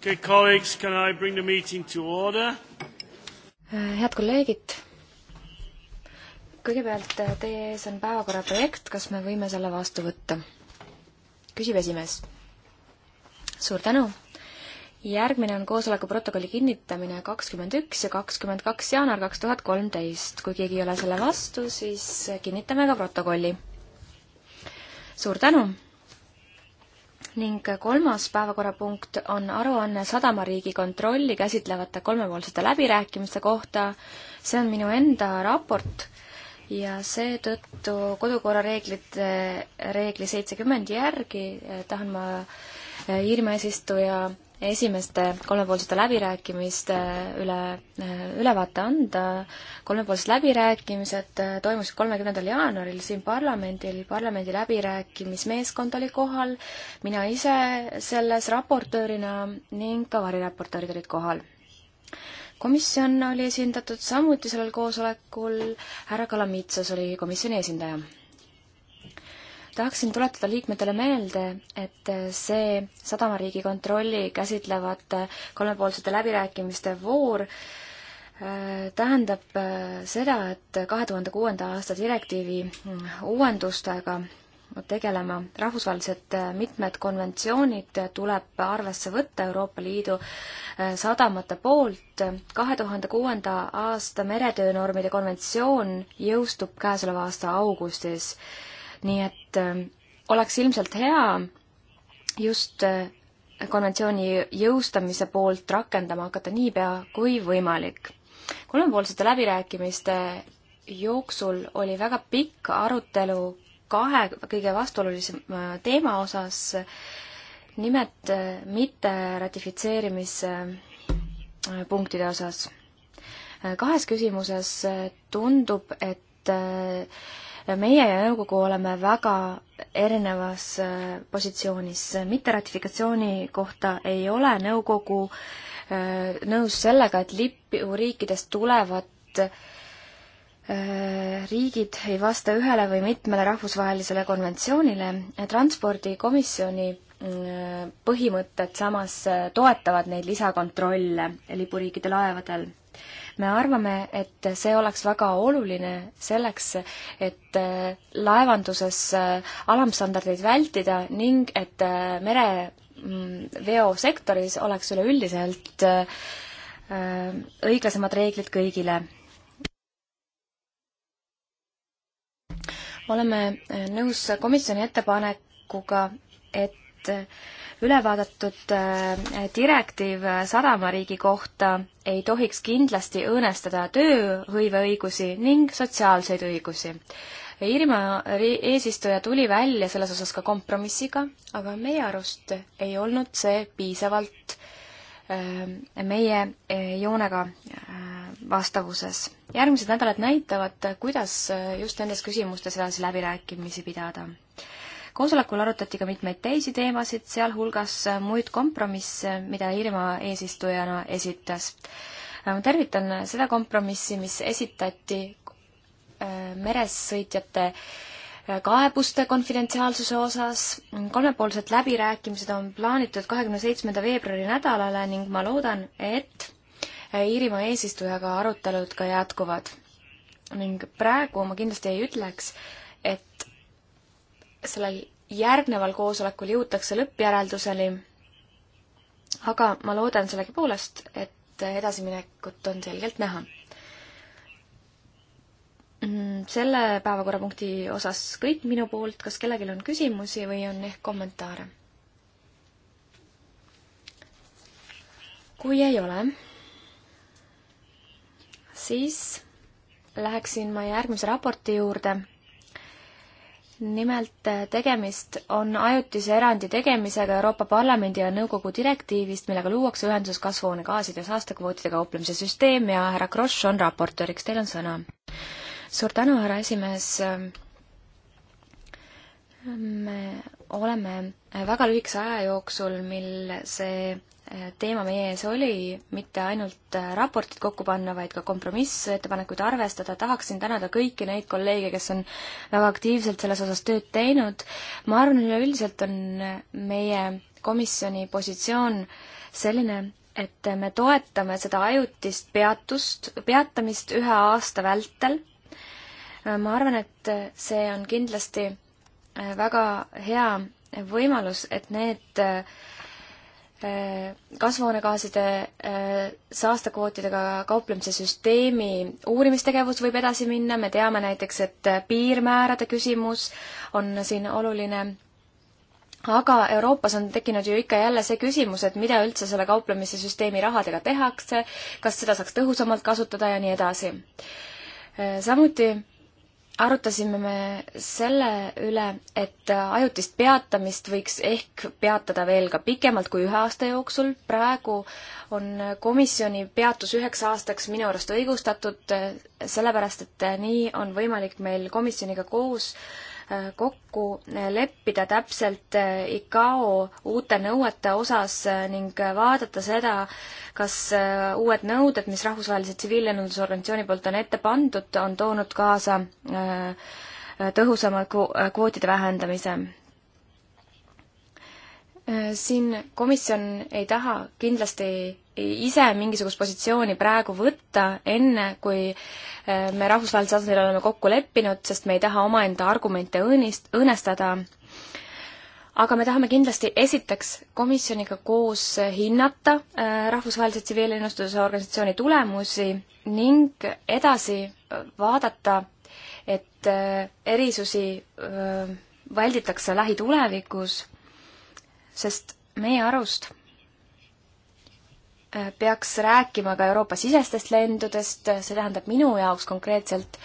Okay, colleagues, can I bring the meeting to order? head kolleegid, kõigepealt eh, teie ees on päevakorra projekt, kas me võime selle vastu võtta? küsib esimees. suur tänu. järgmine on koosoleku protokolli kinnitamine kakskümmend üks ja kakskümmend kaks jaanuar kaks tuhat kolmteist. kui keegi ei ole selle vastu, siis kinnitame ka protokolli. suur tänu ning kolmas päevakorrapunkt on aruanne sadamariigi kontrolli käsitlevate kolmepoolsete läbirääkimiste kohta. see on minu enda raport ja seetõttu kodukorra reeglite, reegli seitsekümmend järgi eh, tahan ma eh, Iirimaa eesistuja esimeste kolmepoolsete läbirääkimiste äh, üle äh, ülevaate anda. kolmepoolsed läbirääkimised äh, toimusid kolmekümnendal jaanuaril siin parlamendil, parlamendi läbirääkimismeeskond oli kohal, mina ise selles raportöörina ning ka variraportöörid olid kohal. komisjon oli esindatud samuti sellel koosolekul, härra Kalamitsas oli komisjoni esindaja tahaksin tuletada liikmetele meelde, et see sadamariigi kontrolli käsitlevad kolmepoolsete läbirääkimiste voor äh, tähendab äh, seda, et kahe tuhande kuuenda aasta direktiivi mm, uuendustega tegelema. rahvusvahelised äh, mitmed konventsioonid tuleb arvesse võtta Euroopa Liidu sadamate poolt. kahe tuhande kuuenda aasta meretöönormide konventsioon jõustub käesoleva aasta augustis nii et ähm, oleks ilmselt hea just äh, konventsiooni jõustamise poolt rakendama hakata niipea kui võimalik. kolmepoolsete läbirääkimiste jooksul oli väga pikk arutelu kahe kõige vastuolulisema äh, teema osas, nimelt äh, mitte ratifitseerimise punktide osas. kahes küsimuses tundub, et meie ja nõukogu oleme väga erinevas äh, positsioonis. mitte ratifikatsiooni kohta ei ole nõukogu äh, nõus sellega, et lipuriikidest tulevad äh, riigid ei vasta ühele või mitmele rahvusvahelisele konventsioonile. transpordikomisjoni põhimõtted samas toetavad neid lisakontrolle lipuriikide laevadel me arvame, et see oleks väga oluline selleks, et äh, laevanduses äh, alamstandardeid vältida ning et äh, mereveosektoris mm, oleks üleüldiselt õiglasemad reeglid kõigile oleme nõus komisjoni ettepanekuga, et üle vaadatud äh, direktiiv sadamariigi kohta ei tohiks kindlasti õõnestada tööhõiveõigusi ning sotsiaalseid õigusi. Iirimaa eesistuja tuli välja selles osas ka kompromissiga, aga meie arust ei olnud see piisavalt äh, meie äh, joonega vastavuses. järgmised nädalad näitavad, kuidas just nendes küsimustes edasi läbirääkimisi pidada koosolekul arutati ka mitmeid teisi teemasid, sealhulgas äh, muid kompromisse, mida Iirimaa eesistujana esitas. Äh, ma tervitan äh, seda kompromissi, mis esitati meressõitjate kaebuste konfidentsiaalsuse osas. kolmepoolsed läbirääkimised on plaanitud kahekümne seitsmenda veebruari nädalale ning ma loodan, et Iirimaa eesistujaga arutelud ka jätkuvad. ning praegu ma kindlasti ei ütleks, et sellel järgneval koosolekul jõutakse lõppjärelduseni, aga ma loodan sellegipoolest, et edasiminekut on selgelt näha. Mm, selle päevakorrapunkti osas kõik minu poolt, kas kellelgi on küsimusi või on ehk kommentaare? kui ei ole, siis läheksin ma järgmise raporti juurde nimelt äh, tegemist on ajutise erandi tegemisega Euroopa Parlamendi ja Nõukogu direktiivist, millega luuakse ühenduses kasvuhoonegaaside saastekvootidega kauplemise süsteem ja härra Kross on raportööriks, teil on sõna. suur tänu, härra esimees. me oleme väga lühikese aja jooksul, mil see teema meie ees oli, mitte ainult äh, raportit kokku panna, vaid ka kompromissettepanekuid arvestada, tahaksin tänada kõiki neid kolleege, kes on väga aktiivselt selles osas tööd teinud. ma arvan, üleüldiselt on meie komisjoni positsioon selline, et me toetame seda ajutist peatust, peatamist ühe aasta vältel. Äh, ma arvan, et see on kindlasti äh, väga hea võimalus, et need äh, Äh, kasvuhoonegaaside äh, saastekvootidega kauplemise süsteemi uurimistegevus võib edasi minna, me teame näiteks, et piirmäärade küsimus on siin oluline, aga Euroopas on tekkinud ju ikka jälle see küsimus, et mida üldse selle kauplemise süsteemi rahadega tehakse, kas seda saaks tõhusamalt kasutada ja nii edasi. Äh, samuti arutasime me selle üle, et ajutist peatamist võiks ehk peatada veel ka pikemalt kui ühe aasta jooksul. praegu on komisjoni peatus üheks aastaks minu arust õigustatud, sellepärast et nii on võimalik meil komisjoniga koos äh, kokku leppida täpselt äh, ICAO uute nõuete osas äh, ning äh, vaadata seda, kas uued nõuded, mis rahvusvahelise tsiviillennundusorganisatsiooni poolt on ette pandud, on toonud kaasa tõhusama kvootide vähendamise Äh, siin komisjon ei taha kindlasti ise mingisugust positsiooni praegu võtta, enne kui äh, me rahvusvahelisel tasandil oleme kokku leppinud, sest me ei taha omaenda argumente õõnist, õõnestada. aga me tahame kindlasti esiteks komisjoniga koos hinnata äh, rahvusvahelise tsiviillennustuse organisatsiooni tulemusi ning edasi vaadata, et erisusi välditakse lähitulevikus sest meie arust äh, peaks rääkima ka Euroopa-sisestest lendudest, see tähendab minu jaoks konkreetselt,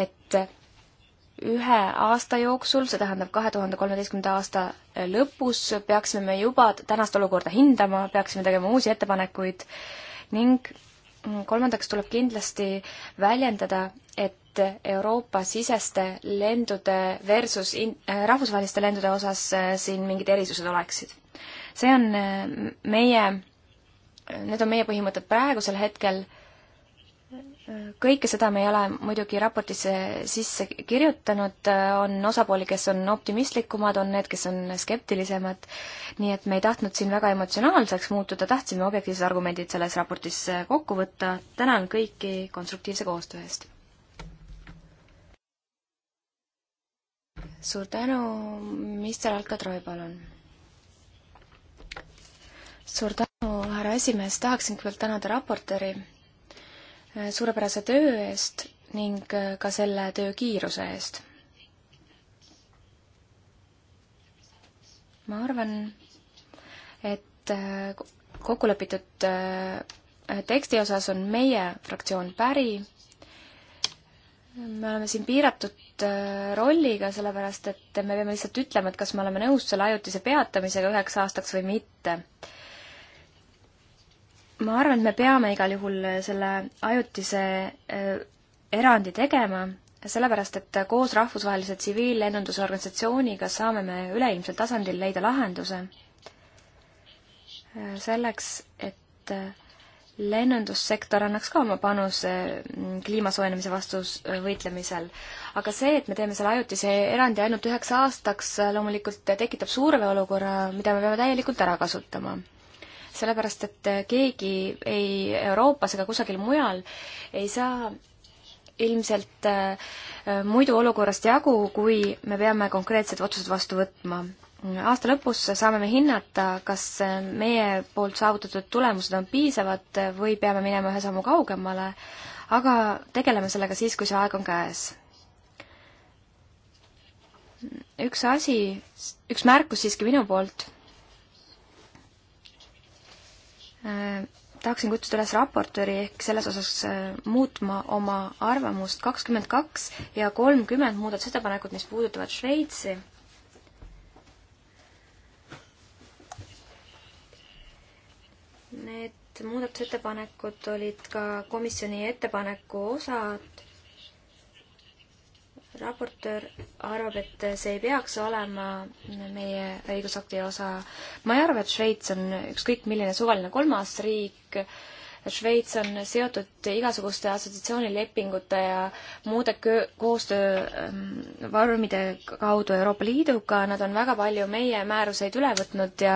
et ühe aasta jooksul, see tähendab kahe tuhande kolmeteistkümnenda aasta äh, lõpus, peaksime me juba tänast olukorda hindama, peaksime tegema uusi ettepanekuid ning mm, kolmandaks tuleb kindlasti väljendada, et et Euroopa-siseste lendude versus in-, äh, rahvusvaheliste lendude osas äh, siin mingid erisused oleksid. see on äh, meie, need on meie põhimõtted praegusel hetkel, kõike seda me ei ole muidugi raportisse sisse kirjutanud, on osapooli, kes on optimistlikumad, on need, kes on skeptilisemad, nii et me ei tahtnud siin väga emotsionaalseks muutuda, tahtsime objektiivsed argumendid selles raportis kokku võtta, tänan kõiki konstruktiivse koostöö eest! suur tänu, minister Alka-Troi, palun. suur tänu, härra esimees, tahaksin kõigepealt tänada raportööri eh, suurepärase töö eest ning eh, ka selle töö kiiruse eest. ma arvan, et eh, kokkulepitud teksti osas on meie fraktsioon päri me oleme siin piiratud äh, rolliga, sellepärast et me peame lihtsalt ütlema, et kas me oleme nõus selle ajutise peatamisega üheks aastaks või mitte. ma arvan, et me peame igal juhul selle ajutise äh, erandi tegema, sellepärast et koos rahvusvahelise tsiviillennunduse organisatsiooniga saame me üleilmsel tasandil leida lahenduse äh, selleks, et lennundussektor annaks ka oma panuse mm, kliima soojenemise vastus äh, võitlemisel. aga see, et me teeme selle ajutise erandi ainult üheks aastaks, äh, loomulikult tekitab surveolukorra, mida me peame täielikult ära kasutama. sellepärast, et äh, keegi ei Euroopas ega kusagil mujal ei saa ilmselt muidu olukorrast jagu, kui me peame konkreetsed otsused vastu võtma aasta lõpus saame me hinnata, kas meie poolt saavutatud tulemused on piisavad või peame minema ühe sammu kaugemale, aga tegeleme sellega siis, kui see aeg on käes. üks asi, üks märkus siiski minu poolt. tahaksin kutsuda üles raportööri ehk selles osas äh, muutma oma arvamust kakskümmend kaks ja kolmkümmend muudatusettepanekut, mis puudutavad Šveitsi muudatusettepanekud olid ka komisjoni ettepaneku osad. raportöör arvab, et see ei peaks olema meie õigusakti osa. ma ei arva, et Šveits on ükskõik milline suvaline kolmas riik Šveits on seotud igasuguste assotsiatsioonilepingute ja muude koostöövormide ähm, kaudu Euroopa Liiduga, nad on väga palju meie määruseid üle võtnud ja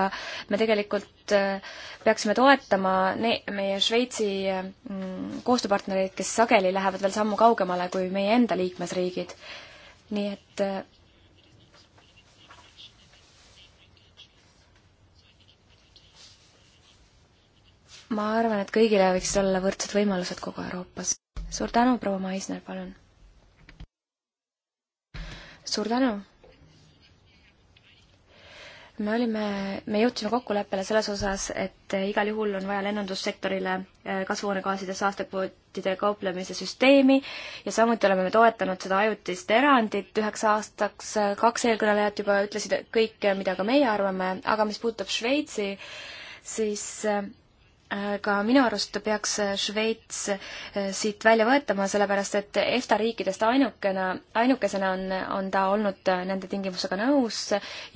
me tegelikult äh, peaksime toetama ne-, meie Šveitsi ähm, koostööpartnereid, kes sageli lähevad veel sammu kaugemale kui meie enda liikmesriigid. nii et äh, ma arvan, et kõigile võiksid olla võrdsed võimalused kogu Euroopas. suur tänu, proua Maisner, palun! suur tänu! me olime, me jõudsime kokkuleppele selles osas, et igal juhul on vaja lennundussektorile äh, kasvuhoonegaaside saastekvootide kauplemise süsteemi ja samuti oleme me toetanud seda ajutist erandit üheks aastaks. Äh, kaks eelkõnelejat juba ütlesid kõike, äh, mida ka meie arvame, aga mis puudutab Šveitsi, siis ka minu arust peaks äh, Šveits äh, siit välja võetama, sellepärast et EFTA riikidest ainukene, ainukesena on, on ta olnud äh, nende tingimusega nõus.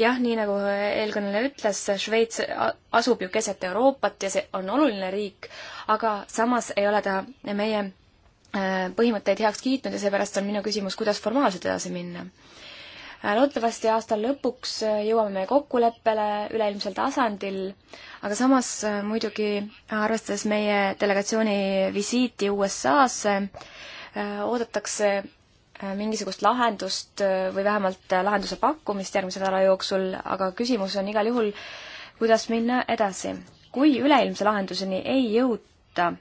jah, nii nagu eelkõneleja ütles, Šveits asub ju keset Euroopat ja see on oluline riik, aga samas ei ole ta meie põhimõtteid heaks kiitnud ja seepärast on minu küsimus, kuidas formaalselt edasi minna. Äh, loodetavasti aasta lõpuks äh, jõuame me kokkuleppele üleilmsel tasandil, aga samas äh, muidugi arvestades meie delegatsiooni visiiti USA-sse, oodatakse mingisugust lahendust või vähemalt lahenduse pakkumist järgmise nädala jooksul, aga küsimus on igal juhul, kuidas minna edasi. kui üleilmse lahenduseni ei jõuta,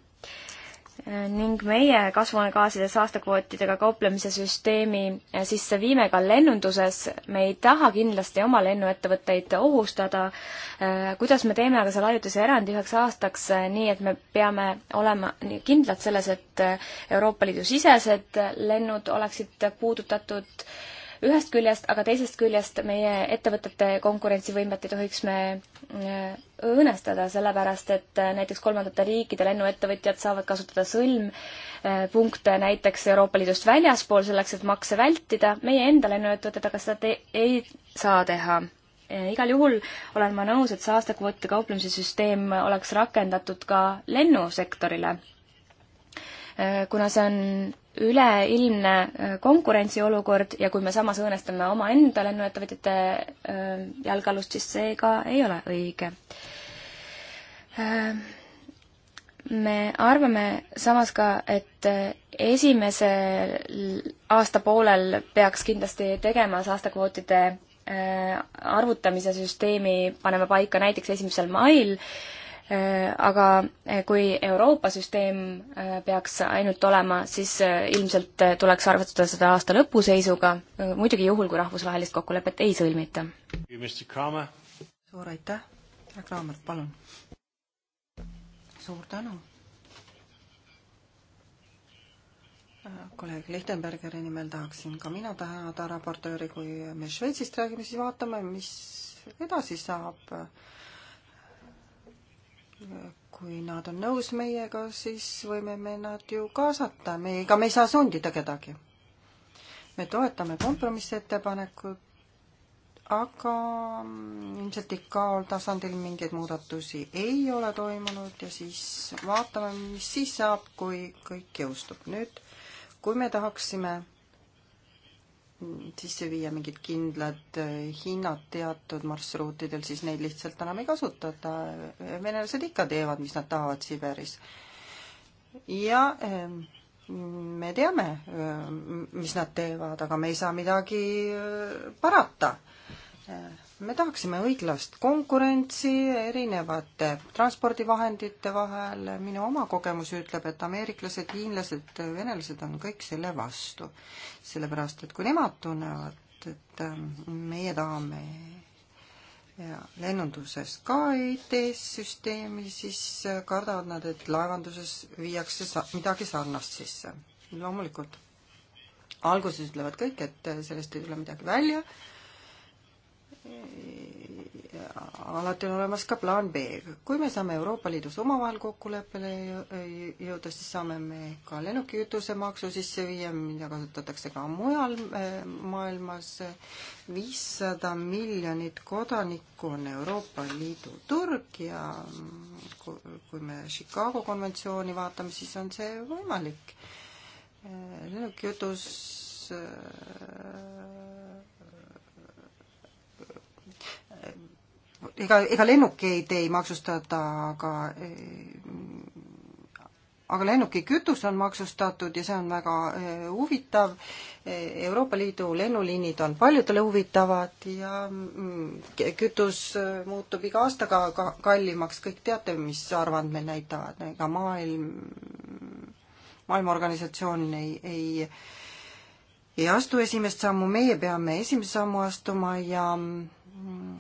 ning meie kasvuhoonegaaside saastekvootidega kauplemise süsteemi sisse viime ka lennunduses. me ei taha kindlasti oma lennuettevõtteid ohustada. Äh, kuidas me teeme aga selle ajutise erandi üheks aastaks, äh, nii et me peame olema kindlad selles, et äh, Euroopa Liidu sisesed lennud oleksid puudutatud ühest küljest, aga teisest küljest meie ettevõtete konkurentsivõimet ei tohiks me äh, õõnestada, sellepärast et äh, näiteks kolmandate riikide lennuettevõtjad saavad kasutada sõlmpunkte äh, näiteks Euroopa Liidust väljaspool selleks, et makse vältida, meie enda lennuettevõtted aga seda ei saa teha igal juhul olen ma nõus, et saastekvootide kauplemise süsteem oleks rakendatud ka lennusektorile Äh, kuna see on üleilmne äh, konkurentsiolukord ja kui me samas õõnestame omaenda lennuettevõtjate äh, jalgealust, siis see ka ei ole õige. me arvame samas ka, et esimesel aastapoolel peaks kindlasti tegema saastekvootide arvutamise süsteemi panema paika näiteks esimesel mail Äh, aga äh, kui Euroopa süsteem äh, peaks ainult olema, siis ilmselt tuleks arvestada seda aasta lõpu seisuga, muidugi juhul, kui rahvusvahelist kokkulepet ei sõlmita. suur aitäh, härra Kraamer, palun. suur tänu. kolleeg Lichtenbergeri nimel tahaksin ka mina tänada raportööri, kui me Šveitsist räägime, siis vaatame, mis edasi saab kui nad on nõus meiega, siis võime me nad ju kaasata, me, ega me ei saa sundida kedagi. me toetame kompromissettepanekut, aga ilmselt ICAO tasandil mingeid muudatusi ei ole toimunud ja siis vaatame, mis siis saab, kui kõik jõustub. nüüd, kui me tahaksime sisse viia mingid kindlad äh, hinnad teatud marsruutidel, siis neid lihtsalt enam ei kasutata. venelased ikka teevad, mis nad tahavad Siberis. ja ähm, me teame, äh, mis nad teevad, aga me ei saa midagi äh, parata me tahaksime õiglast konkurentsi erinevate transpordivahendite vahel. minu oma kogemus ütleb, et ameeriklased, hiinlased, venelased on kõik selle vastu. sellepärast, et kui nemad tunnevad, et ähm, meie tahame ja lennunduses ka IT-süsteemi, e siis kardavad nad, et laevanduses viiakse sa-, midagi sarnast sisse. loomulikult alguses ütlevad kõik, et sellest ei tule midagi välja, alati on olemas ka plaan B. kui me saame Euroopa Liidus omavahel kokkuleppele jõuda, siis saame me ka lennukikütusemaksu sisse viia, mida kasutatakse ka mujal eh, maailmas. viissada miljonit kodanikku on Euroopa Liidu turg ja kui me Chicago konventsiooni vaatame, siis on see võimalik. Eh, lennukikütus eh, ega, ega lennukeid ei maksustata, aga aga lennukikütus on maksustatud ja see on väga eh, huvitav. Eh, Euroopa Liidu lennuliinid on paljudele huvitavad ja mm, kütus eh, muutub iga aastaga ka kallimaks, kõik teate, mis arvand meil näitavad, ega maailm, maailmaorganisatsioon ei, ei ei astu esimest sammu, meie peame esimese sammu astuma ja mm,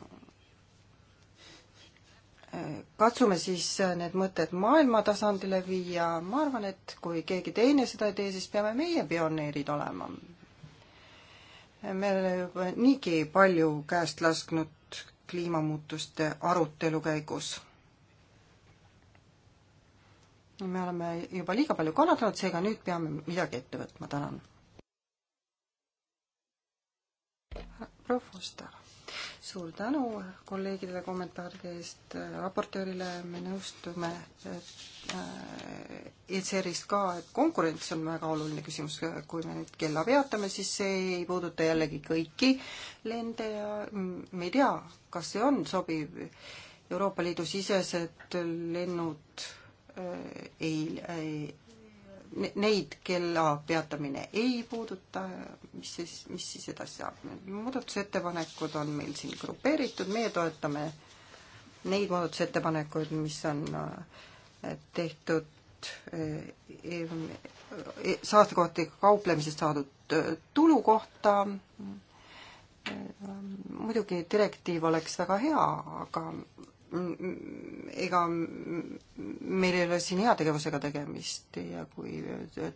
katsume siis äh, need mõtted maailma tasandile viia, ma arvan, et kui keegi teine seda ei tee, siis peame meie pioneerid olema. me oleme juba niigi palju käest lasknud kliimamuutuste arutelu käigus. me oleme juba liiga palju kannatanud, seega nüüd peame midagi ette võtma, tänan. proua Foster suur tänu kolleegidele kommentaaride eest, raportöörile me nõustume ECR-ist äh, ka, et konkurents on väga oluline küsimus, kui me nüüd kella peatame, siis see ei puuduta jällegi kõiki lende ja me ei tea, kas see on sobiv. Euroopa Liidu sisesed lennud äh, ei, ei neid, kella peatamine ei puuduta, mis siis, mis siis edasi saab. muudatusettepanekud on meil siin grupeeritud, meie toetame neid muudatusettepanekuid, mis on äh, tehtud äh, ehm, e-, saastekohtadega kauplemisest saadud äh, tulu kohta. muidugi direktiiv oleks väga hea, aga ega meil ei ole siin heategevusega tegemist ja kui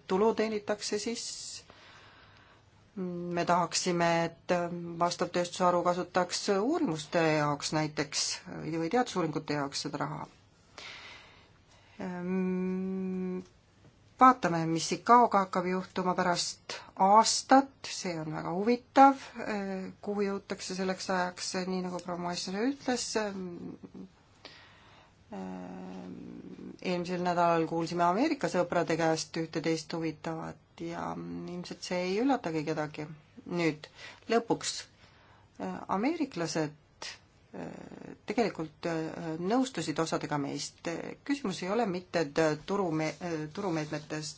tulu teenitakse, siis me tahaksime, et vastav tööstusharu kasutaks uurimuste jaoks näiteks või teadusuuringute jaoks seda raha. vaatame, mis ICAO-ga hakkab juhtuma pärast aastat, see on väga huvitav, kuhu jõutakse selleks ajaks, nii nagu proua Maisner ütles, Äh, eelmisel nädalal kuulsime Ameerika sõprade käest ühte-teist huvitavat ja ilmselt see ei üllatagi kedagi. nüüd lõpuks, äh, ameeriklased äh, tegelikult nõustusid osadega meist. küsimus ei ole mitte turume-, turumeetmetes,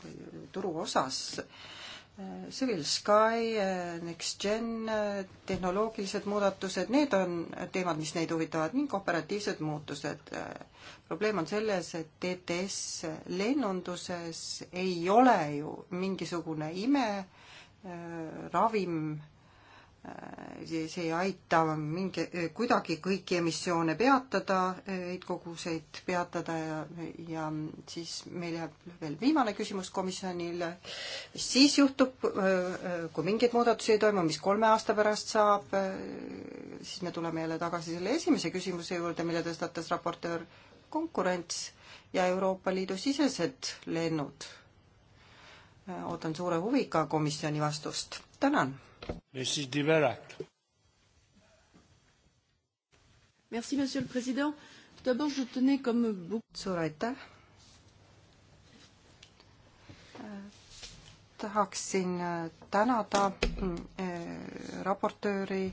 turu osas, Civil Sky, Next Gen, tehnoloogilised muudatused, need on teemad, mis neid huvitavad ning operatiivsed muutused. probleem on selles, et TTS lennunduses ei ole ju mingisugune ime äh, ravim äh, Äh, siis ei aita mingi, kuidagi kõiki emissioone peatada, heitkoguseid peatada ja, ja siis meil jääb veel viimane küsimus komisjonile. mis siis juhtub, äh, äh, kui mingeid muudatusi ei toimu, mis kolme aasta pärast saab, siis me tuleme jälle tagasi selle esimese küsimuse juurde, mille tõstatas raportöör, konkurents ja Euroopa Liidu sisesed lennud. ootan suure huviga komisjoni vastust. tänan Mrs. de Verac. Merci, monsieur le président. Tout d'abord, je tenais comme beaucoup. suur aitäh. tahaksin äh, tänada äh, raportööri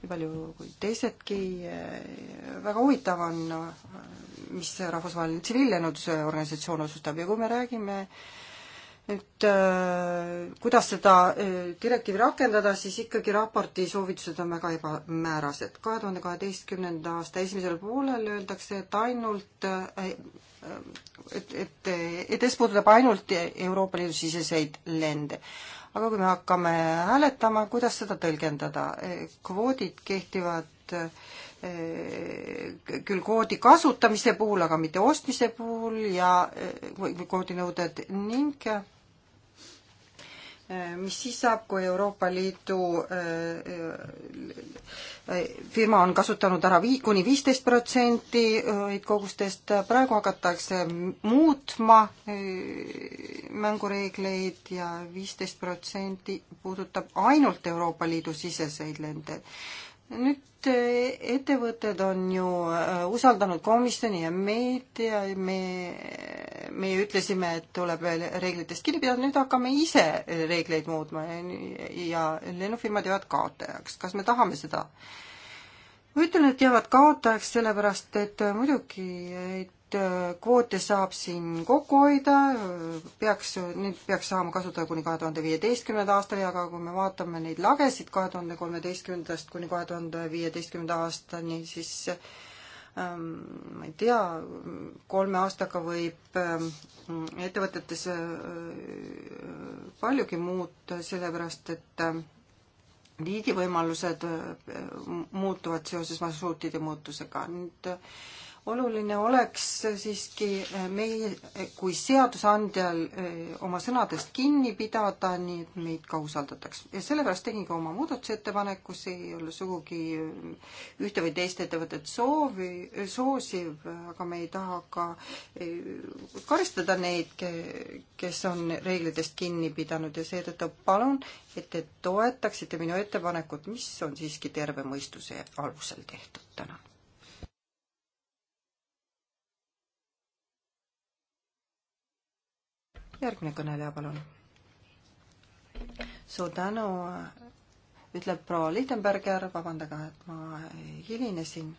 nii palju kui teisedki. Äh, väga huvitav on, mis rahvusvaheline tsiviillennundusorganisatsioon otsustab ja kui me räägime äh, et äh, kuidas seda äh, direktiivi rakendada, siis ikkagi raporti soovitused on väga ebamäärased. kahe tuhande kaheteistkümnenda aasta esimesel poolel öeldakse, et ainult, äh, et, et, et ES puudutab ainult Euroopa Liidu siseseid lende. aga kui me hakkame hääletama, kuidas seda tõlgendada? kvoodid kehtivad küll koodi kasutamise puhul, aga mitte ostmise puhul ja või koodinõuded ning mis siis saab, kui Euroopa Liidu äh, äh, firma on kasutanud ära vii-, kuni viisteist protsenti äh, kogustest, praegu hakatakse muutma mängureegleid ja viisteist protsenti puudutab ainult Euroopa Liidu siseseid lende nüüd ettevõtted on ju usaldanud komisjoni ja meid ja me meie ütlesime, et tuleb reeglitest kinni pidada, nüüd hakkame ise reegleid muutma ja lennufirmad jäävad kaotajaks. kas me tahame seda? ma ütlen, et jäävad kaotajaks sellepärast, et muidugi, et äh, kvoote saab siin kokku hoida, peaks, neid peaks saama kasutada kuni kahe tuhande viieteistkümnenda aastani, aga kui me vaatame neid lagesid kahe tuhande kolmeteistkümnendast kuni kahe tuhande viieteistkümnenda aastani, siis Ehm, ma ei tea, kolme aastaga võib ehm, ettevõtetes eh, eh, paljugi muuta, sellepärast et liidivõimalused ehm, eh, muutuvad seoses marsruutide muutusega. nüüd oluline oleks siiski eh, meie eh, kui seadusandjal eh, oma sõnadest kinni pidada, nii et meid ka usaldataks. ja sellepärast tegingi oma muudatusettepaneku, see ei ole sugugi ühte või teist ettevõtet soovi, soosiv, aga me ei taha ka karistada neid, kes on reeglitest kinni pidanud ja seetõttu palun, et te toetaksite minu ettepanekut, mis on siiski terve mõistuse alusel tehtud. tänan järgmine kõneleja, palun. suur tänu, ütleb proua Lichtenberger, vabandage, et ma hilinesin.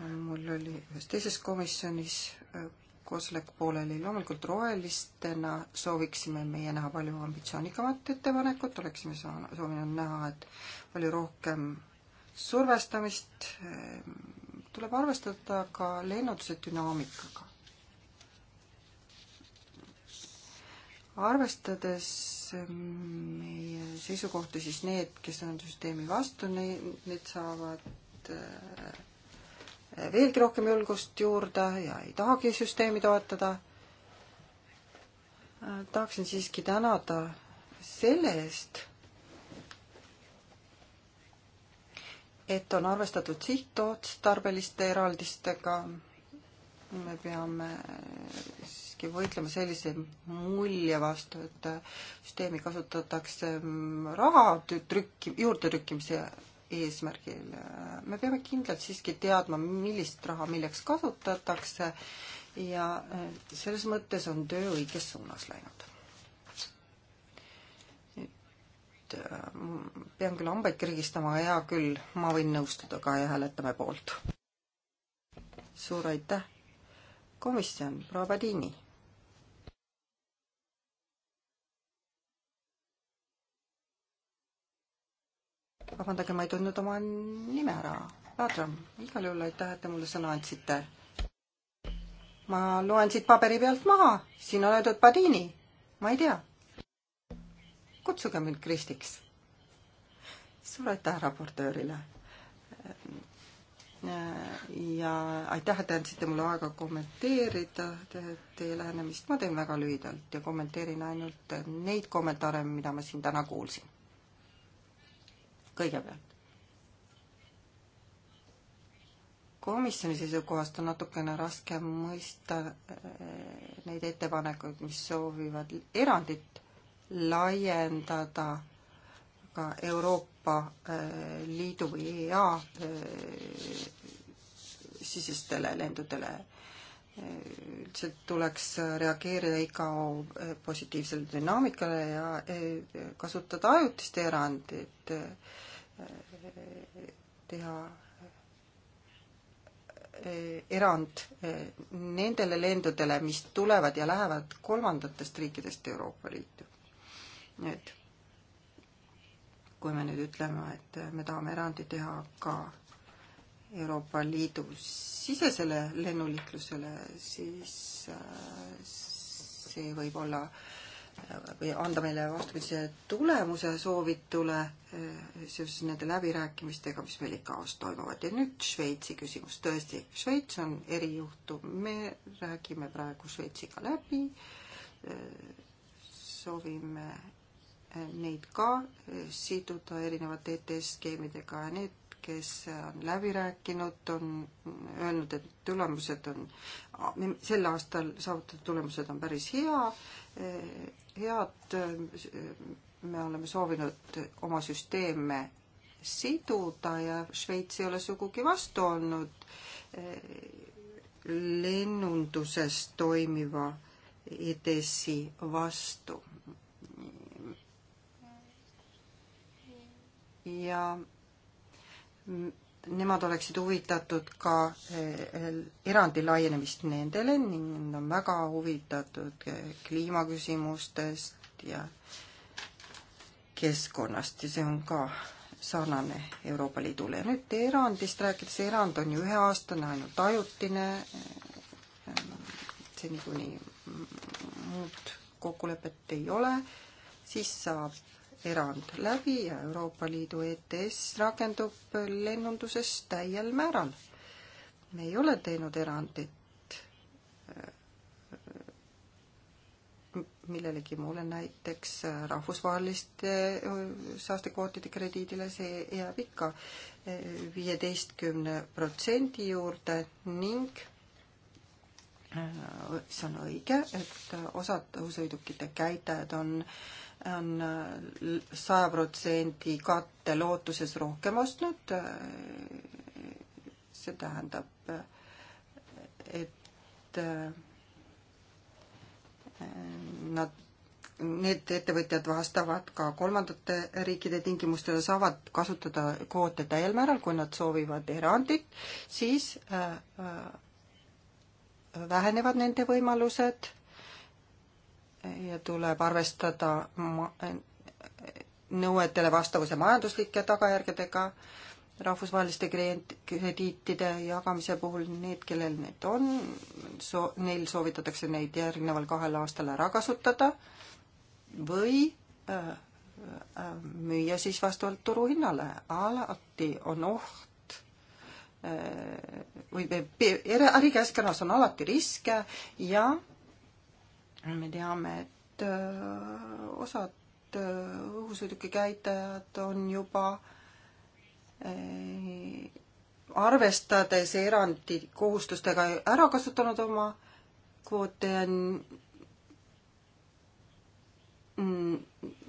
mul oli ühes teises komisjonis äh, koosolek pooleli, loomulikult rohelistena sooviksime meie näha palju ambitsioonikamat ettepanekut, oleksime soovinud näha, et palju rohkem survestamist äh, tuleb arvestada ka lennunduse dünaamikaga. arvestades ähm, meie seisukohti, siis need, kes on süsteemi vastu, need saavad äh, veelgi rohkem julgust juurde ja ei tahagi süsteemi toetada. Äh, tahaksin siiski tänada selle eest et on arvestatud sihtotstarbeliste eraldistega. me peame siiski võitlema sellise mulje vastu, et süsteemi kasutatakse raha trükki, juurde trükkimise eesmärgil. me peame kindlalt siiski teadma, millist raha milleks kasutatakse ja selles mõttes on töö õiges suunas läinud. et äh, pean küll hambaid kirgistama, hea küll, ma võin nõustuda ka ja hääletame poolt. suur aitäh. komisjon, proua Padini. vabandage, ma ei tundnud oma nime ära. Laadram, igal juhul aitäh, et te mulle sõna andsite. ma loen siit paberi pealt maha, siin on öeldud Padini. ma ei tea kutsuge mind Kristiks. suur aitäh raportöörile. ja aitäh, et andsite mulle aega kommenteerida teie lähenemist. ma teen väga lühidalt ja kommenteerin ainult neid kommentaare, mida ma siin täna kuulsin. kõigepealt. komisjoni seisukohast on natukene raske mõista eh, neid ettepanekuid, mis soovivad erandit laiendada ka Euroopa äh, Liidu või EA äh, sisestele lendudele. Äh, üldiselt tuleks reageerida ICAO positiivsele dünaamikale ja kasutada ajutist erandit, teha erand nendele lendudele, mis tulevad ja lähevad kolmandatest riikidest Euroopa Liitu nüüd, kui me nüüd ütleme, et me tahame erandi teha ka Euroopa Liidu sisesele lennuliiklusele, siis äh, see võib olla äh, või anda meile vastupidise tulemuse soovitule äh, seoses nende läbirääkimistega, mis meil ICAO-s toimuvad. ja nüüd Šveitsi küsimus. tõesti, Šveits on erijuhtum, me räägime praegu Šveitsiga läbi, soovime neid ka eh, siduda erinevate ETS-skeemidega ja need, kes on läbi rääkinud, on öelnud, et tulemused on, sel aastal saavutatud tulemused on päris hea, eh, head, me oleme soovinud oma süsteeme siduda ja Šveits ei ole sugugi vastu olnud eh, lennunduses toimiva ETS-i vastu ja nemad oleksid huvitatud ka eh, erandi laienemist nendele ning nad on väga huvitatud eh, kliimaküsimustest ja keskkonnast ja see on ka sarnane Euroopa Liidule. ja nüüd erandist rääkides, erand on ju üheaastane, ainult ajutine, eh, seni kuni muud kokkulepet ei ole, siis saab erand läbi ja Euroopa Liidu ETS rakendub lennunduses täiel määral. me ei ole teinud erandit äh, millelegi muule, näiteks rahvusvaheliste äh, saastekvootide krediidile, see jääb ikka äh, viieteistkümne protsendi juurde ning see on õige, et osad õhusõidukite käitajad on äh, on äh, saja protsendi katte lootuses rohkem ostnud. Äh, see tähendab, äh, et nad, need ettevõtjad vastavad ka kolmandate riikide tingimustele, saavad kasutada kvoote täiel määral, kui nad soovivad erandit, siis vähenevad nende võimalused ja tuleb arvestada nõuetele vastavuse majanduslike tagajärgedega rahvusvaheliste krediitide jagamise puhul need, kellel need on, so-, neil soovitatakse neid järgneval kahel aastal ära kasutada või äh, äh, müüa siis vastavalt turuhinnale. alati on oht äh, või ärikäskkonnas on alati riske ja me teame, et äh, osad äh, õhusõidukikäitajad on juba äh, arvestades erandi kohustustega ära kasutanud oma kvoote ja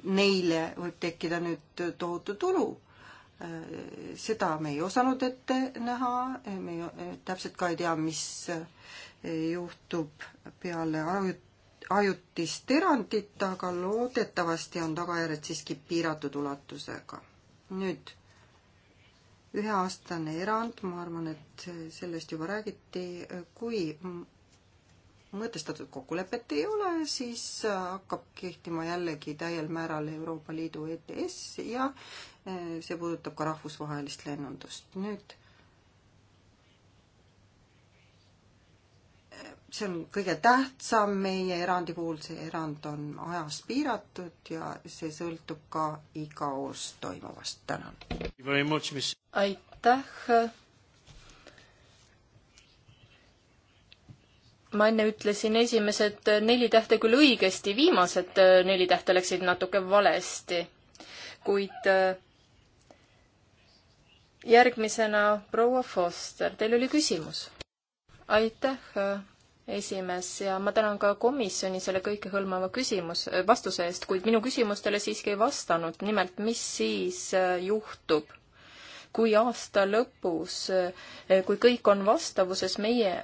neile võib tekkida nüüd tohutu tulu seda me ei osanud ette näha, me ei, täpselt ka ei tea, mis juhtub peale ajut-, ajutist erandit, aga loodetavasti on tagajärjed siiski piiratud ulatusega. nüüd üheaastane erand, ma arvan, et sellest juba räägiti, kui mõtestatud kokkulepet ei ole, siis hakkab kehtima jällegi täiel määral Euroopa Liidu ETS ja see puudutab ka rahvusvahelist lennundust. nüüd see on kõige tähtsam meie erandi puhul, see erand on ajas piiratud ja see sõltub ka ICAO-s toimuvast. tänan. aitäh. ma enne ütlesin esimesed neli tähte küll õigesti, viimased neli tähte läksid natuke valesti, kuid järgmisena proua Foster, teil oli küsimus. aitäh esimees ja ma tänan ka komisjoni selle kõikehõlmava küsimus, vastuse eest, kuid minu küsimustele siiski ei vastanud, nimelt mis siis äh, juhtub, kui aasta lõpus, äh, kui kõik on vastavuses, meie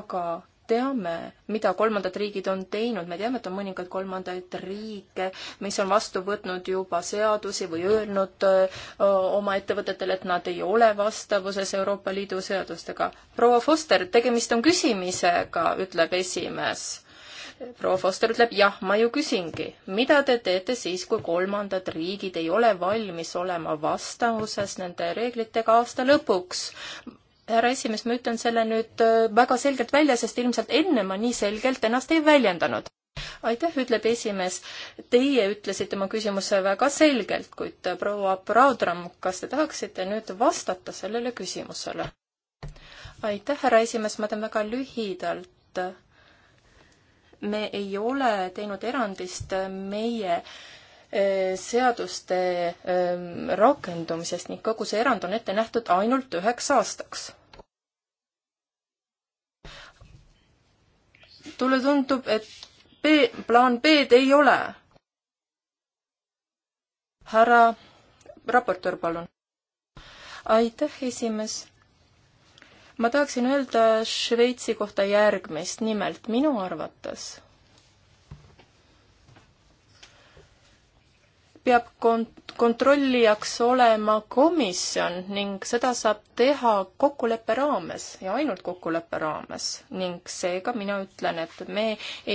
aga teame, mida kolmandad riigid on teinud, me teame, et on mõningaid kolmandaid riike, mis on vastu võtnud juba seadusi või öelnud öö, oma ettevõtetele, et nad ei ole vastavuses Euroopa Liidu seadustega. proua Foster, tegemist on küsimisega, ütleb esimees proua Foster ütleb, jah, ma ju küsingi, mida te teete siis, kui kolmandad riigid ei ole valmis olema vastavuses nende reeglitega aasta lõpuks? härra esimees, ma ütlen selle nüüd äh, väga selgelt välja, sest ilmselt enne ma nii selgelt ennast ei väljendanud. aitäh, ütleb esimees. Teie ütlesite oma küsimuse väga selgelt, kuid äh, proua Praudram, kas te tahaksite nüüd vastata sellele küsimusele? aitäh, härra esimees, ma teen väga lühidalt. me ei ole teinud erandist meie äh, Äh, seaduste ähm, rakendumisest ning kogu see erand on ette nähtud ainult üheks aastaks. mulle tundub, et B, plaan B-d ei ole. härra raportöör, palun. aitäh, esimees. ma tahaksin öelda Šveitsi kohta järgmist, nimelt minu arvates peab kont-, kontrollijaks olema komisjon ning seda saab teha kokkuleppe raames ja ainult kokkuleppe raames. ning seega mina ütlen, et me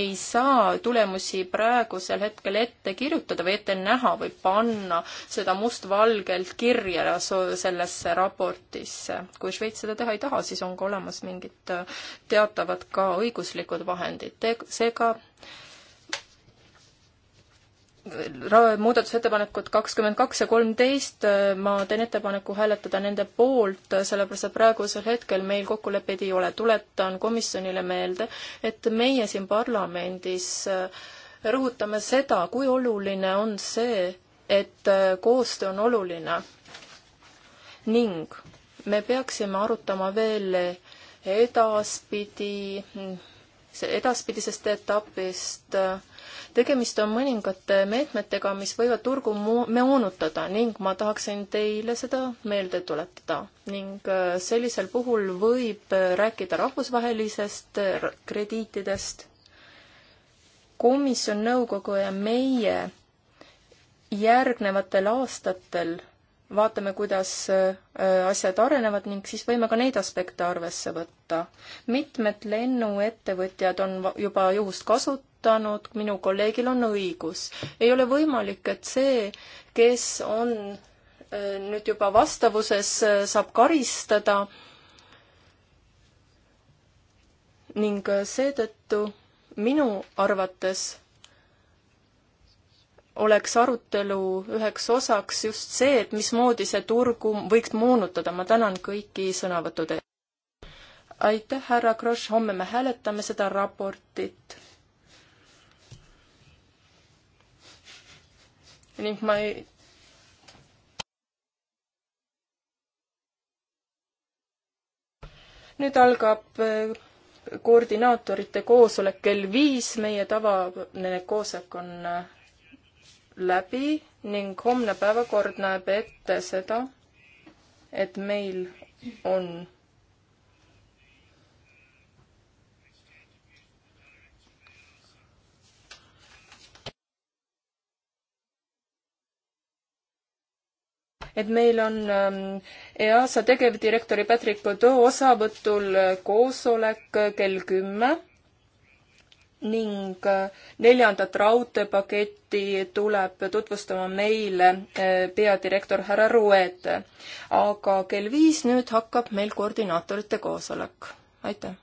ei saa tulemusi praegusel hetkel ette kirjutada või ette näha või panna seda mustvalgelt kirja sellesse raportisse. kui Šveits seda teha ei taha, siis on ka olemas mingid äh, teatavad ka õiguslikud vahendid. seega muudatusettepanekud kakskümmend kaks ja kolmteist, ma teen ettepaneku hääletada nende poolt, sellepärast et praegusel hetkel meil kokkuleppeid ei ole. tuletan komisjonile meelde, et meie siin parlamendis äh, rõhutame seda, kui oluline on see, et äh, koostöö on oluline. ning me peaksime arutama veel edaspidi, mm, edaspidisest etapist äh, tegemist on mõningate meetmetega, mis võivad turgu moonutada ning ma tahaksin teile seda meelde tuletada. ning äh, sellisel puhul võib äh, rääkida rahvusvahelisest äh, krediitidest. komisjon, nõukogu ja meie järgnevatel aastatel vaatame, kuidas asjad arenevad ning siis võime ka neid aspekte arvesse võtta. mitmed lennuettevõtjad on juba juhust kasut-, arutanud, minu kolleegil on õigus. ei ole võimalik, et see, kes on äh, nüüd juba vastavuses, äh, saab karistada ning äh, seetõttu minu arvates oleks arutelu üheks osaks just see, et mismoodi see turgu võiks moonutada. ma tänan kõiki sõnavõttude eest. aitäh, härra Kross, homme me hääletame seda raportit ning ma ei nüüd algab äh, koordinaatorite koosolek kell viis, meie tavaline koosolek on äh, läbi ning homne päevakord näeb ette seda, et meil on et meil on ähm, EASA tegevdirektori Patrick Godot osavõtul äh, koosolek äh, kell kümme ning äh, neljandat raudteepaketti tuleb tutvustama meile peadirektor härra Ruet. aga kell viis nüüd hakkab meil koordinaatorite koosolek. aitäh!